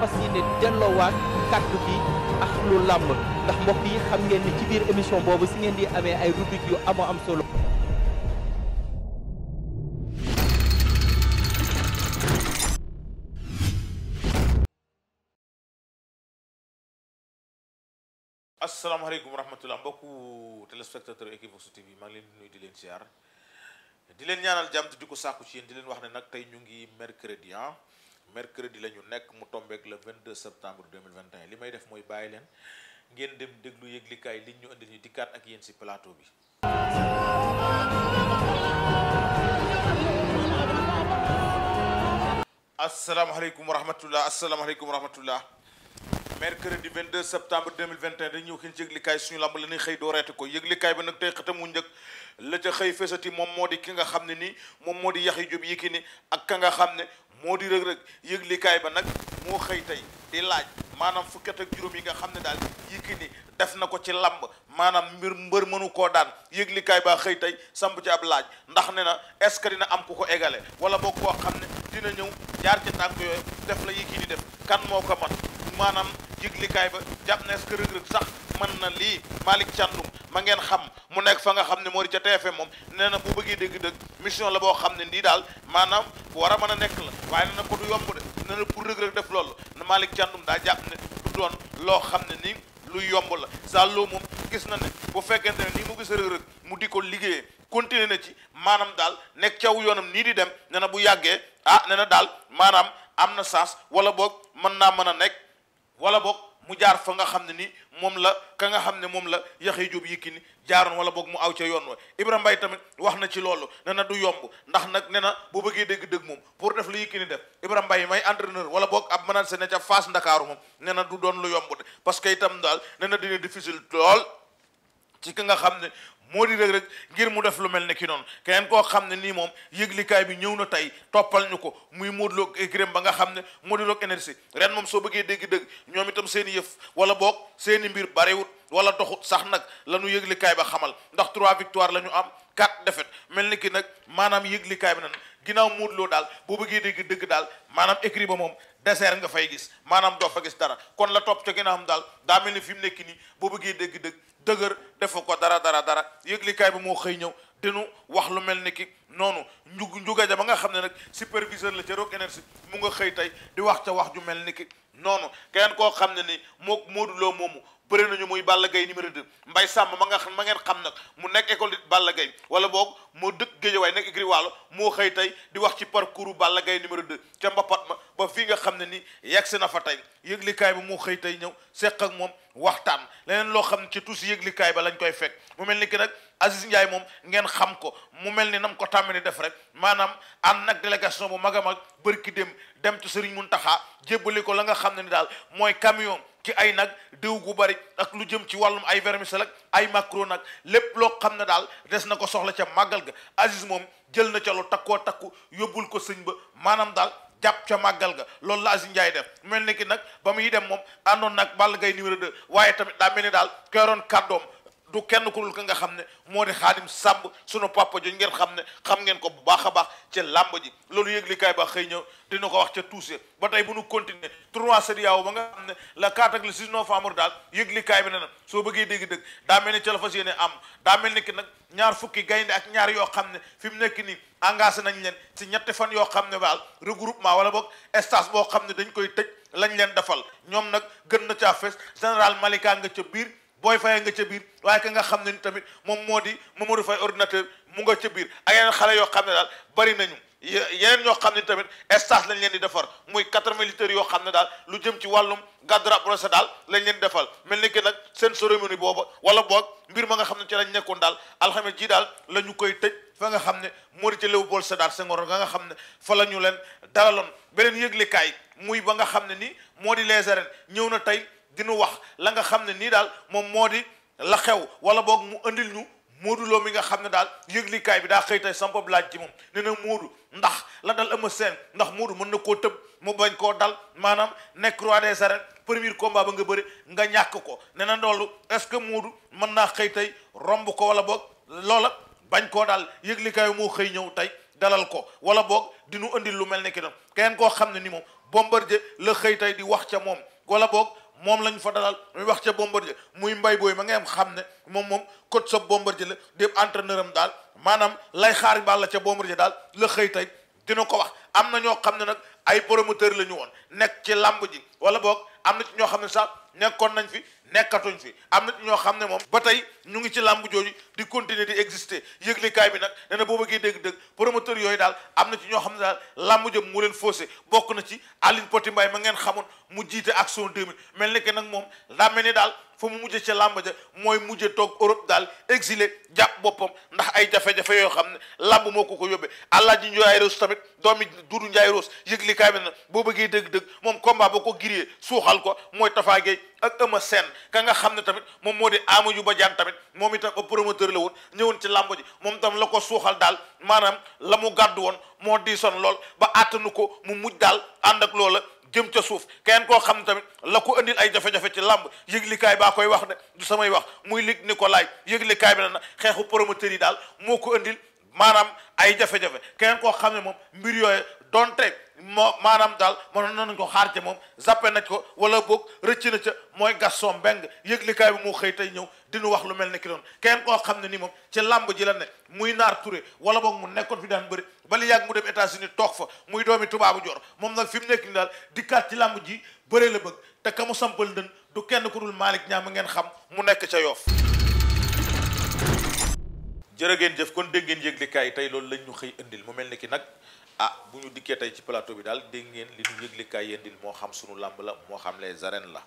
fas yéene delloowaat kàddu gi ak lu làmb yi xam ngeen ni di am solo. asalaamaaleykum wa rahmatulah mbokku téléspectateur Equivox TV maa leen di nuyu di leen di leen ñaanal jàmm di ko sàkku ci yéen di leen wax ne nag tey ñu ngi mercredi ah. mercredi la ñu nekk mu tombeek le 22 septembre 2021 li may def mooy bàyyi leen ngeen dem déglu yëglikaay liñ ñu indil ñu dikkaat ak yéen ci plateau bi. asalaamaaleykum wa rahmatulah asalaamaaleykum wa rahmatulah. mercredi 22 septembre 2021 dañu ñëw xin ci yëglikaay suñu lamb la ñuy xëy doo reete ko yëglikaay bi nag tey xëtamu njëkk la ca xëy fesati moom moo di ki nga xam ne nii moom moo di yax Yaxya Jóob Yékini ak ka nga xam ne moo di rëg-rëg yëglikaay ba nag moo xëy tey di laaj maanaam fukki at ak juróom yi nga xam ne daal Yékini def na ko ci lamb maanaam mbir mbër mënu koo daan yëglikaay baa xëy tey samp ci ab laaj ndax ne na est ce que dina am ku ko égale wala bokk koo xam ne dina ñëw jaar ci tànk yooyu def la Yékini def kan moo ko man maanaam jiglikaay ba jàpp nees que rëg-rëg sax mën na lii Malick Thiandoum ma ngeen xam mu nekk fa nga xam ne moo di ca TFM moom nee na bu bëggee dégg-dëgg mission la boo xam ne ndii daal maanaam bu a mën a nekk la waaye na ko du yomb de nee na pour daa jàpp ne loo xam ne nii lu yomb la Zallo moom gis na ne bu fekkente ne nii mu mu di ko liggéeyee continuer na ci maanaam daal nekk caw yoonam nii di dem nee na bu yàggee ah nee na daal maanaam am na sens wala boog mën naa mën a nekk wala boog mu jaar fa nga xam ne ni moom la ka nga xam ne moom la yaxey jub Yékini jaaroon wala boog mu aw ca yoon wa Ibrahima mbay tamit wax na ci loolu ne na du yomb ndax nag ne na bu bëggee dégg dëgg moom pour def lu Yékini def Ibrahima mbay may entraîneur wala boog ab manager ne ca Fass Ndakaaru moom ne du doon lu yomb de parce que itam daal ne na dina difficile lool ci ki nga xam ne moo di rek rek ngir mu def lu mel ne ki noonu keneen koo xam ne nii moom yëglikaay bi ñëw na tey toppal ñu ko muy Modou Lo écurie ba nga xam ne Modou Lo énergie ren moom soo bëggee dégg-dëgg ñoom itam seen i yëf wala boog seeni mbir barewut wala doxut sax nag la ñu yëglikaay ba xamal ndax trois victoire la ñu am quatre defet mel ni ki nag maanaam yëglikaay bi na nan ginnaaw Modou daal boo bëggee dégg dëgg daal maanaam écurie ba moom désert nga fay gis maanaam doo fa gis dara kon la topp ca gën a xam daal daa mel ni fi mu nekk nii boo bëggee dëgg-dëgg dëgër defu ko dara dara dara yëglikaay bi moo xëy ñëw dinu wax lu mel ni kii noonu njug njuga ja ba nga xam ne nag superviseur la ca Rock Énergie mu nga xëy tey di wax ca wax ju mel ni ki noonu keneen koo xam ne ni moo Modou Lo moomu bëri nañu muy Balla Gaye numéro 2 mbay sàmm ma nga xam ma ngeen xam nag mu nekk école Balla Gaye wala boog moo dëkk Géejawaay nekk écurie Waalo moo xëy tey di wax ci parcours Balla Gaye numéro 2 ca mbapat ma ba fi nga xam ne ni yegsi na fa tey yëglikaay bi moo xëy tey ñëw seq ak moom waxtaan leneen loo xam ne ci tuuti yëglikaay ba lañ koy fekk mu mel ni ki nag Aziz Ndiaye moom ngeen xam ko mu mel ni nam ko tàmmali def rek maanaam ànd nag délégation bu mag a mag bërki dem dem ci Serigne Mountakha jébbali ko la nga xam ne ni daal mooy camion ci ay nag diw gu bari ak lu jëm ci wàllum ay vermicelle ak ay macro nag lépp loo xam ne daal des na ko soxla ca màggal ga Aziz moom jël na ca lu takkoo takku yóbbul ko sëñ ba maanaam daal jàpp ca màggal ga loolu la Aziz Ndiaye def mel ni ki nag ba mu muy dem moom àndoon nag Balla Gaye numéro 2 waaye tamit daa mel ni daal keroon kàddoom du kenn ku dul ka nga xam ne moo di xaadim sàmb sunu papa jooju ngeen xam ne xam ngeen ko bu baax a baax ca làmb ji loolu yëglikaay ba xëy ñëw dina ko wax ca tuuse ba tey bu nu continuer tournoi CEDEAO ba nga xam ne la 4 ak le 6 novembre daal yëglikaay bi ne na soo bëggee dégg-dëgg daa mel ni ca la fas yéene am daa mel ni ki nag ñaar fukki gaynde ak ñaar yoo xam ne fi mu nekk nii engagé nañ leen ci ñetti fan yoo xam ne baal regroupement wala boog stage boo xam ne dañ koy tëj lañ leen defal ñoom nag gën na caa fees général Malika nga ca biir booy fay nga ca biir waaye ka nga xam ne ni tamit moom moo di Mamadou Faye ordinateur mu nga ca biir ak yeneen xale yoo xam ne daal bari nañu yeneen ñoo xam ne tamit stage lañ leen di defar muy quatre mille yoo xam ne daal lu jëm ci wàllum gàddara brosa daal lañ leen defal mel ni que nag seen cérémonie booba wala boog mbir ma nga xam ne ci lañ nekkoon daal alxames ji daal la ñu koy tëj fa nga xam ne moo di ca Léopold Sédar Senghor nga nga xam ne fa ñu leen dalaloon beneen yëglekaay muy ba nga xam ne ni moo di les arènes ñëw na tey dinu wax la nga xam ne nii daal moom moo di la xew wala boog mu indil ñu Modou Lo mi nga xam ne daal yëglikaay bi daa xëy tey samp laaj ci moom nee na Modou ndax la dal Eumeu seen ndax Modou mën na koo tëb mu bañ koo dal maanaam nekk roi des arènes premier combat ba nga bëri nga ñàkk ko nee na loolu est-ce que Modou mën naa xëy tey romb ko wala boog loola bañ koo daal yëglikaay moo xëy ñëw tey dalal ko wala boog dinu andil lu mel ni ki noonu keneen koo xam ne ni moom Bombardier la xëy tey di wax ca moom wala boog moom lañ fa dalal muy wax ca Bombardier muy mbay booy ma ngeen xam ne moom moom coach sa Bombardier la di entraîneur am daal maanaam lay xaar baal la ca Bombardier daal la xëy tey dina ko wax am na ñoo xam ne nag ay promoteur la ñu woon nekk ci làmb ji wala boog am na ci ñoo xam ne sax nekkoon nañ fi nekkatuñ fi am na ñoo xam ne moom ba tey ñu ngi ci làmb jooju di continuer di exister yëglikaay bi nag nee na boo bëggee dégg-dëgg promoteur yooyu daal am na ci ñoo xam ne daal làmb jëm mu leen faussé bokk na ci Aline Poti Mbaye ma ngeen xamoon mu jiite Action 2000 mel ni que nag moom daa mel ni daal fa mu mujje ca làmb ja mooy mujje toog Europe daal exilé jàpp boppam ndax ay jafe yoo xam ne làmb moo ko ko yóbbee Alaaji Njaay Roos tamit doomi Dudu Njaay Roos yëglikaay bi nag boo bëggee dégg-dëgg moom combat ba ko giree suuxal ko mooy Tafa Gueye ak Eumeu Sène ka xam ne tamit moom moo di Ama Yuba Jaan tamit moom itam ab promoteur la woon ñëwoon ci làmb ji moom tam la ko suuxal daal maanaam la mu gàddu woon moo diisoon lool ba àttanu ko mu mujj daal ànd ak loola jëm ca suuf keneen koo xam ne tamit la ko indil ay jafe-jafe ci làmb yëglikaay baa koy wax ne du samay wax muy ko Nicolas yëglikaay bi na na xeexu promoteur yi daal moo ko andil maanaam ay jafe-jafe kenn koo xam ne moom mbir yooyu donte moo maanaam daal mënoon nañ ko xaar ca moom zappe nañ ko wala boog rëcc na ca mooy Gaston Mbengue yëglikaay bu mu xëy tey ñëw dinu wax lu mel ni ki doon kenn koo xam ne ni moom ci làmb ji la ne muy naar Touré wala boog mu nekkoon fi daan bëri bali yàgg mu dem États-Unis toog fa muy doomi tubaabu jor moom nag fi mu nekk ni daal dikkaat ci làmb ji bëre la bëgg te ka mu sampal du kenn ku dul Malick ñaa ma ngeen xam mu nekk ca yoof jërë ngeen jëf kon dégg ngeen yëglikaay tey loolu lañ ñu xëy indil mu mel ne ki nag ah bu ñu dikkee tey ci plateau bi daal dégg ngeen li ñu yëglikaay di moo xam sunu làmb la moo xam les arènes la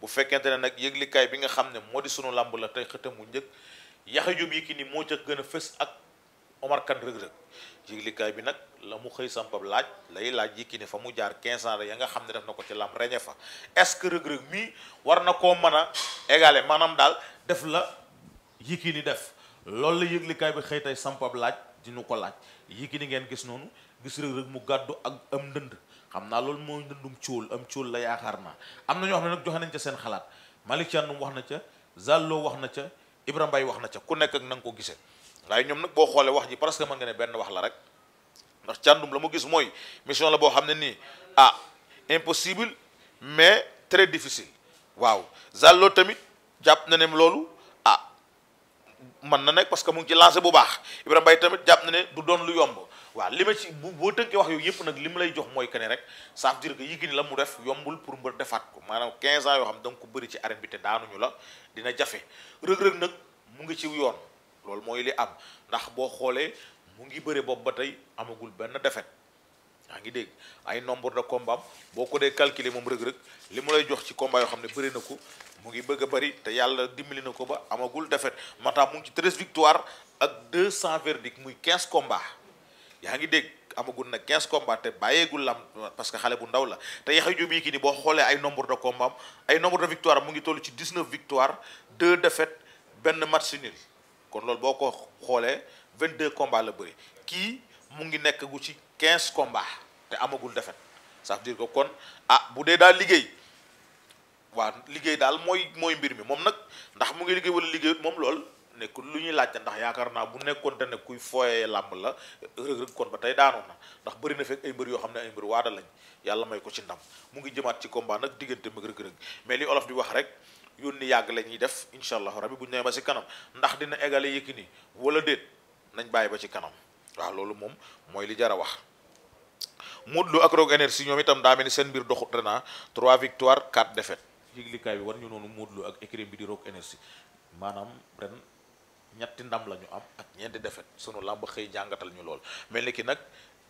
bu fekkente ne nag yëglikaay bi nga xam ne moo di sunu làmb la tey xëtam mu njëkk yaxa jub yi ki moo ca gën a fës ak Omar Kane rëg yëglikaay bi nag la mu xëy sampab laaj lay laaj yi ki ni fa mu jaar 15 ans ya nga xam ne def na ko ci làmb reñe fa est-ce que rëg-rëg mii war na koo mën a égaler maanaam daal def la yi ki ni def loolu la yëglikaay bi xëy tey sampab laaj di ko laaj yi ki ngeen gis noonu gis rëg rëg mu gàddu ak am ndënd xam naa loolu mooy ndëndum cóol am cóol la yaakaar naa am na ñoo xam ne nag joxe nañ ca seen xalaat Malick Thiandoum wax na ca Zallo wax na ca Ibra Mbaye wax na ca ku nekk ak na nga ko gisee waaye ñoom nag boo xoolee wax ji parce que mën nga ne benn la rek ndax Thiandoum la mu gis mooy mission la boo xam ne nii ah mais très difficile waaw Zallo tamit jàpp na ne loolu ah mën na nekk parce que mu ngi ci lancé bu baax Ibra Mbaye tamit jàpp na ne du doon lu yomb waaw li ma ci bu boo tënkee wax yooyu yëpp nag li ma lay jox mooy que rek ça veut dire que Yékini la mu def yombul pour mbër defaat ko maanaam 15 ans yoo xam da nga ko bëri ci arène bi te daanuñu la dina jafe rëg-rëg nag mu ngi ci yoon loolu mooy li am ndax boo xoolee mu ngi bëri bopp ba tey amagul benn defet yaa ngi dégg ay nombre de combat boo ko dee calculer moom rëg-rëg li mu lay jox ci combat yoo xam ne bëri na ko mu ngi bëgg a bëri te yàlla dimbali na ko ba amagul defet maanaam mu ngi ci 13 victoire ak 200 verdict muy 15 combat yaa ngi dégg amagul na 15 combats te bàyyeegul lam parce que xale bu ndaw la te Yaxya ki Yékini boo xoolee ay nombre de combats ay nombre de victoire mu ngi toll ci 19 victoire de défaites benn match nul kon loolu boo ko xoolee 22 combats la bëri kii mu ngi nekk gu ci 15 combats te amagul defet ça veut dire que kon ah bu dee daal liggéey waa liggéey daal mooy mooy mbir mi moom nag ndax mu ngi liggéey wala liggéeyut moom lool nekk lu ñuy laajte ndax yaakaar naa bu nekkoon te ne kuy fooyee làmb la rëg-rëg kon ba tey daanoon na ndax barina na fekk ay mbër yoo xam ne ay mbër waada lañ yàlla may ko ci ndam mu ngi jëmaat ci combat nag diggante mag rëg-rëg mais li olof di wax rek yónni yàgg la ñuy def incha allahu rabi bu ñu nee ba ci ndax dina égale Yékini wala déet nañ bàyyi ba ci kanam waaw loolu moom mooy li jar a wax Modou Lo ak ñoom itam daa mel ni seen mbir doxut rena 3 victoires 4 défaites yëglikaay bi war ñu noonu Modou Lo ak bi di Rock maanaam ren ñetti ndam la ñu am ak ñeenti defet sunu làmb xëy jàngatal ñu lool mel ni ki nag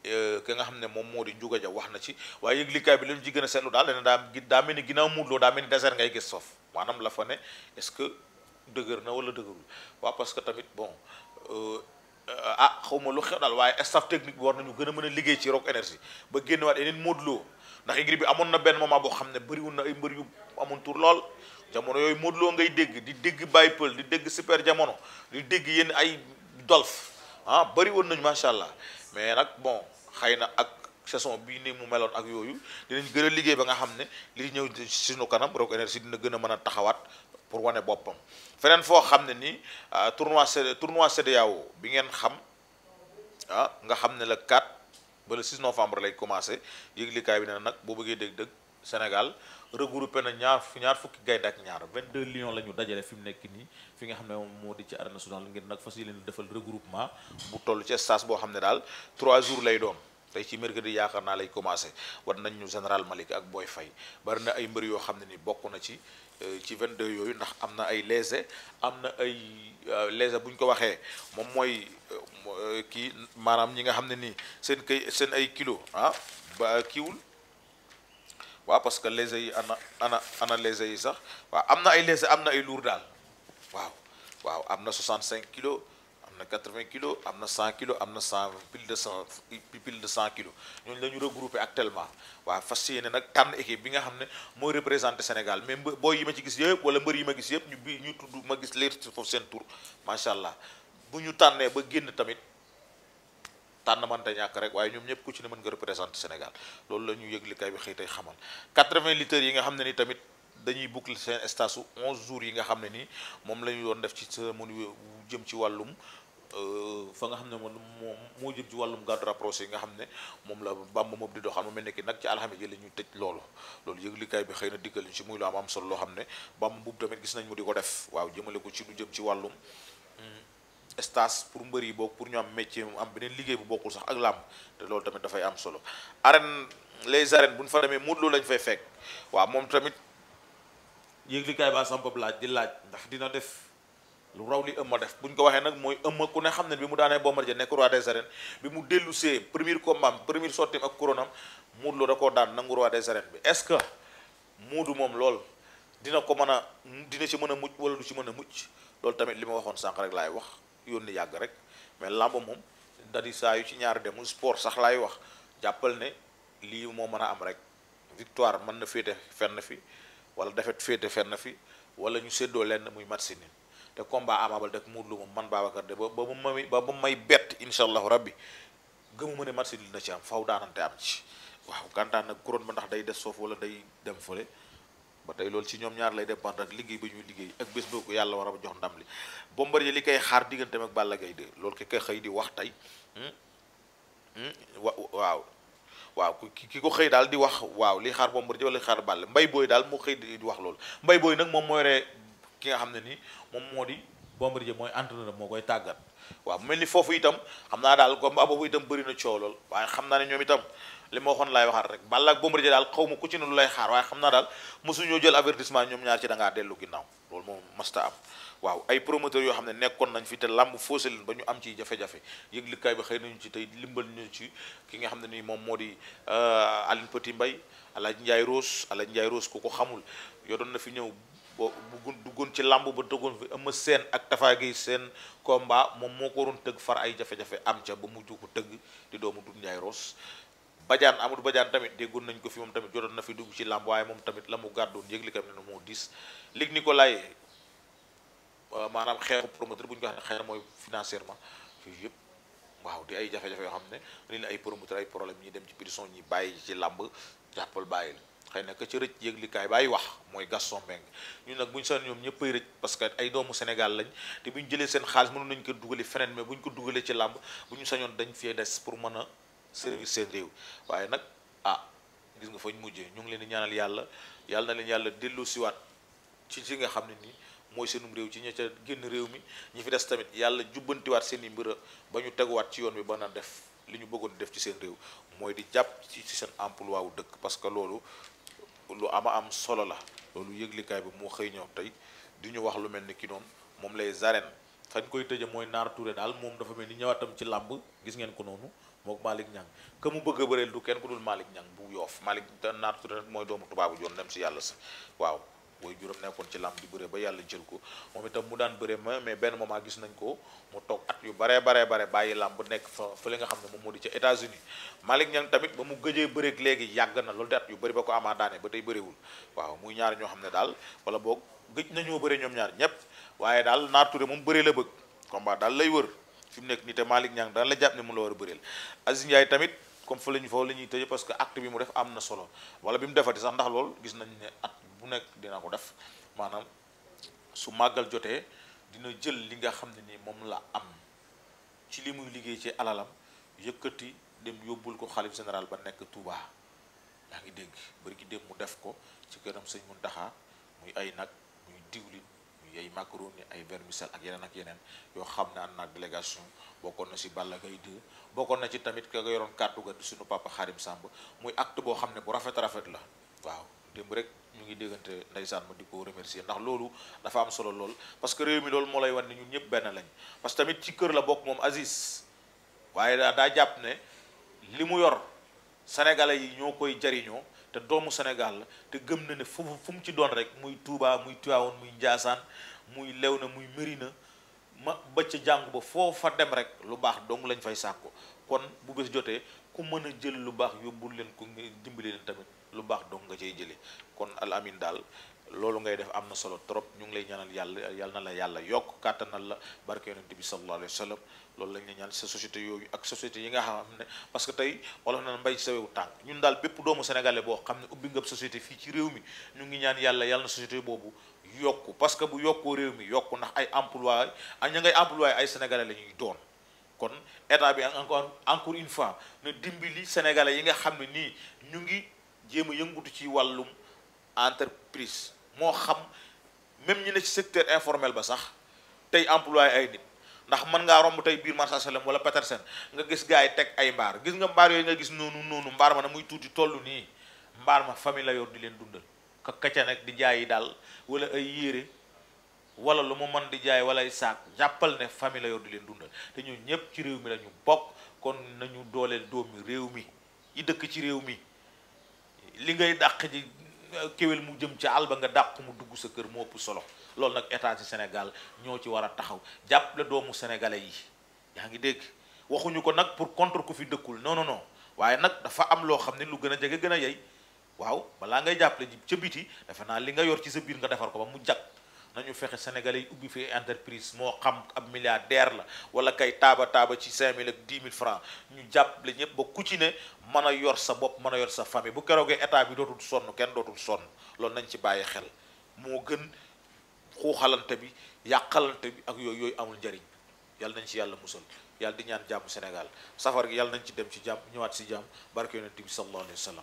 euh, ki nga xam ne moom moo di Ndiouga Dia wax na ci waaye yëg likaay bi li ñu ci gën a daal dana daa daa mel ni ginnaaw muudloo daa mel ni désert ngay gis soof maanaam la fa ne est-ce que dëgër na wala dëgërul waaw parce que tamit bon euh, ah xawma lu xew daal waaye staff technique bi war nañu gën a mën a liggéey ci Rock Énergie ba génn génnewaat yeneen muudloo ndax écurie bi amoon na benn moment boo xam ne bëriwul na ay mbër yu amoon tour lool jamono yooyu Modou Lo ngay dégg di dégg Baye Peul di dégg super jamono di dégg yenn ay dolf ah bëri woon nañu macha allah mais nag bon xëy na ak saison bii ni mu meloon ak yooyu dinañ gën a liggéey ba nga xam ne li ñëw suñu kanam Rock Énergie dina gën a mën a taxawaat pour wane boppam feneen foo xam ne nii ah, tournoi tournoi CEDEAO bi ngeen xam ah nga xam ne la 4 ba le 6 novembre lay commencé yëglikaay bi nee nag boo bëggee dégg-dëgg Sénégal regroupé na ñaar ñaar fukki gaynde ak ñaar 22 lions la ñu dajale fi mu nekk nii fi nga xam ne moom moo di ci arène nationale ngir nag fas yéene defal regroupement bu toll ci stage boo xam ne daal 3 jours lay doon. tey ci mercredi yaakaar naa lay commencé war nañ ñu général Malick ak booy Faye bari na ay mbër yoo xam ne ni bokk na ci euh, ci vingt 22 yooyu ndax am na ay léger am na ay euh, léger bu ko waxee moom mooy euh, kii maanaam ñi nga xam ne ni seen kay seen ay kilo ah ba kiiwul waa parce que léger yi ana ana ana léger yi sax waa am na ay léger am na ay lourd daal waaw waaw am na 65 kilos na 80 kilos am na 100 kilos am na 100 pile de 100 pile de 100 kilos ñooñu la ñu regroupé actuellement waaw fas yéene nag tànn équipe bi nga xam ne mooy représenté Sénégal mais booy yi ma ci gis yëpp wala mbër yi ma gis yëpp ñu bi ñu tudd ma gis leer foofu seen tour macha allah bu ñu tànnee ba génn tamit. tànn mënta ñàkk rek waaye ñoom ñëpp ku ci ne mën nga représenté Sénégal loolu la ñu yëglikaay bi xëy tey xamal 80 litres yi nga xam ne ni tamit dañuy boucler seen stage su 11 jours yi nga xam ne ni moom la ñu doon def ci cérémonie jëm ci wàllum Euh, fa nga xam ne moom moo jëm ci wàllum garde rapproché yi nga xam ne moom la Bamba moom di doxal mu mel ne ki nag ci alxames yi la ñu tëj loolu loolu yëglikaay bi xëy na dikkal ci muy lu am am solo loo xam ne Bamba boobu tamit gis nañ mu di ko def waaw jëmale ko ci lu jëm ci wàllum mm, stage pour mbër yi boog pour ñu am métier am beneen liggéey bu bokkul sax ak làmb te loolu tamit dafay am solo arène les arènes bu ñu fa demee Modou Lo lañ fay fekk waaw moom tamit yëglikaay baa samp laaj di laaj ndax dina def lu raw li ëmma def bu ñu ko waxee nag mooy ëmma ku ne xam ne bi mu daanee Bombardier nekk roi des arènes bi mu dellu see premier combat am premier sortim ak couronne am Modou Lo da koo daan nangu roi des arènes bi est-ce que Modou moom lool dina ko mën a dina ci mën a mucc wala du ci mën a mucc loolu tamit li ma waxoon sànq rek laay wax yónni yàgg rek mais làmb moom da di saa yu ci ñaari dem sport sax laay wax jàppal ne lii moo mën a am rek victoire mën na féete fenn fi wala défaite féete fenn fi wala ñu séddoo lenn muy match si te combat Ama Baldé ak Modou Lô moom man Babacar de ba ba mu may ba mu may bett incha allahu rabbi gëmuma ne li dina ci am faw daanante am ci waaw gantaan nag couronne ba ndax day des foofu wala day dem foole ba tey loolu ci ñoom ñaar lay dépendre ak liggéey ba ñuy liggéey ak bés boo ko yàlla war a jox ndam li Bombardier li koy xaar digganteem ak Balla Gaye 2 loolu ki koy xëy di wax tey hmm? Hmm? wa waaw waaw ki ki ko xëy daal di wax waaw li xaar Bombardier wala li xaar Balla Mbay Booy daal moo xëy di wax loolu Mbay Booy nag ki nga xam ne ni moom moo di Bombardier mooy entraîneur moo koy tàggat waaw mel ni foofu itam xam naa daal combat boobu itam bëri na coow lool waaye xam naa ne ñoom itam li ma waxoon laay waxaat rek Balla ak Bombardier daal xaw ma ku ci ne lu lay xaar waaye xam naa daal mosuñoo jël avertissement ñoom ñaar ci da ngaa dellu ginnaaw loolu moom masta am waaw ay promoteur yoo xam ne nekkoon nañ fi te làmb faussé leen ba ñu am ci jafe-jafe yëglikaay bi xëy nañu ci tey limbal ñu ci ki nga xam ne nii moom moo di euh, Aline Petit Mbaye Alaaji Njaay Rose Alaaji Njaay Rose ku ko xamul yoo na fi ñëw boo bu duggoon ci làmb ba tëggoon fi Eumeu seen ak Tapha Gueye seen combat moom moo ko waroon tëgg far ay jafe-jafe am ca ba mu ko tëgg di doomu Doudou Ndiaye Rose Badiane Amadou Badiane tamit déggoon nañ ko fi moom tamit jotoon na fi dugg ci làmb waaye moom tamit la mu gàddoon yëgle kam ne moo diis Luc Nicolaï euh, maanaam xeexu promoteur bu ñu wax ne xëy na mooy financièrement yooyu yëpp waaw di ay jafe-jafe yoo xam ne ni la ay promoteur ay problème ñi dem ci prison ñi bàyyi ci làmb jàppal bàyyil xëy na ka ci rëcc yëglikaay ba ay wax mooy Gaston Mbengue ñu nag bu seen ñoom ñëppay rëcc parce que ay doomu Sénégal lañ te ñu jëlee seen xaalis mënoon nañ ko dugale feneen mais buñ ko dugalee ci làmb bu ñu sañoon dañ fee des pour mën a service seen réew waaye nag ah gis nga fañ mujjee ñu ngi leen di ñaanal yàlla yàlla na leen yàlla dellu siwaat ci si nga xam ne nii mooy seenu réew ci ña ca génn réew mi ñi fi des tamit yàlla jubbantiwaat seen i mbir ba ñu teguwaat ci yoon bi ba def li ñu bëggoon def ci seen réew mooy di jàpp ci seen emploi wu dëkk parce que loolu lu ama am solo la loolu yëglikaay bi mu xëy ñëw tey di ñu wax lu mel ni ki noonu moom les arènes fañ koy tëje mooy naar Touré daal moom dafa mel ni ñëwaatam ci làmb gis ngeen ko noonu mook Malick Niang que mu bëgg a bëreel du kenn ku dul Malick Niang bu yoof Malick naar Touré nag mooy doomu tubaabu joon dem si yàlla sa waaw way juróom nekkoon ci làmb di bëre ba yàlla jël ko moom itam mu daan bëre ma mais benn moment gis nañ ko mu toog at yu baree bare bàyyi làmb nekk fa fa nga xam ne moom moo di ca États-Unis Malick na loolu de at yu bëri ba ko amaa daane ba tey bëriwul waaw muy ñaar ñépp waaye daal Naar Touré moom bëre la bëgg combat daal lay wër fi nekk nii te Malick Niang daal la jàpp ne mu la war a bëreel Aziz Ndiaye tamit comme fa ñu foofu la ñuy parce que acte bi mu def am na solo wala bi mu defati sax ndax loolu gis bu nekk dina ko def maanaam su màggal jotee dina jël li nga xam ne ni moom la am ci li muy liggéey ci alalam yëkkati dem yóbbul ko xalif général ba nekk tuuba yaa ngi dégg bari gi dem mu def ko ci këram sëñ Muntaxa muy ay nag muy diwlin muy ay macaroni ay vermicelle ak yeneen ak yeneen yoo xam ne ànd naag délégation bokkoon na si Balla Gaye 2 bokkoon na ci tamit ka nga yoroon kàddu ga di suñu papa Xarim Samb muy acte boo xam ne bu rafet rafet la waaw démb rek ñu ngi déggante ndeysaan ma di ko remercier ndax loolu dafa am solo lool parce que réew mi loolu moo lay wan ne ñun ñëpp benn lañ parce que tamit ci kër la bokk moom Aziz waaye daa jàpp ne li mu yor sénégalais yi ñoo koy jariñoo te doomu Sénégal la te gëm na ne fu fu mu ci doon rek muy Touba muy Tivaouane muy Ndiassane muy na muy na ma ba ca jàng ba foofa dem rek lu baax dong lañ fay sàkku kon bu bés jotee ku mën a jël lu baax yóbbu leen ku dimbali tamit lu baax donc nga cay jëlee kon al amin daal loolu ngay def am na solo trop ñu ngi lay ñaanal yàlla yàlla na la yàlla yokk kàttanal la barke yonente bi loolu lañ la ñaan sa société yooyu ak société yi nga xam ne parce que tey wala na mbay sa wewu tànk ñun daal boo xam ne ubbi nga société fii ci réew mi ñu ngi ñaan yàlla yàlla na société boobu yokku parce que bu yokkoo réew mi yokku ndax ay emploi ay ña ngay emploi ay sénégalais la ñuy doon kon état bi encore encore yi nga xam ne nii ñu ngi jéem a yëngutu ci wàllum entreprise moo xam même ñu ne ci secteur informel ba sax tey employé ay nit ndax mën ngaa romb tey biir marché Salem wala Petersen nga gis gaa yi teg ay mbaar gis nga mbaar yooyu nga gis noonu noonu mbaar ma na muy tuuti tollu nii mbaar ma famille la yor di leen dundal ka kaca nag di jaay yi daal wala ay yére wala lu mu mën di jaay wala ay saak jàppal ne famille la yor di leen dundal te ñun ñëpp ci réew mi la ñu bokk kon nañu dooleel doomi réew mi yi dëkk ci réew mi li ngay dàq ji euh, kéwél mu jëm ci àll ba nga dàq mu dugg sa kër mu ëpp solo loolu nag état ci Sénégal ñoo ci war a taxaw jàppale doomu sénégalais yi yaa ngi dégg waxuñu ko nag pour contre ku fi dëkkul noonu non waaye nag dafa am loo xam ne lu gën a jege gën a yey waaw balaa ngay jàppale ji ca biti defe naa li nga yor ci sa biir nga defar ko ba mu jag nañu fexe sénégalais yi ubbi fi entreprise moo xam ab milliardaire la wala kay taaba taaba ci cinq mille ak dix mille francs ñu jàpp jàppale ñëpp ba ku ci ne mën a yor sa bopp mën a yor sa fami bu keroogee état bi dootul sonn kenn dootul sonn loolu nañ ci bàyyi xel moo gën xuuxalante bi yàqalante bi ak yooyu yooyu amul njariñ yàlla nañ ci yàlla musal yàlla di ñaan jàpp Sénégal safar gi yàlla nañ ci dem ci jàmm ñëwaat si jàmm barke yonent bi sallallahu alayhi wa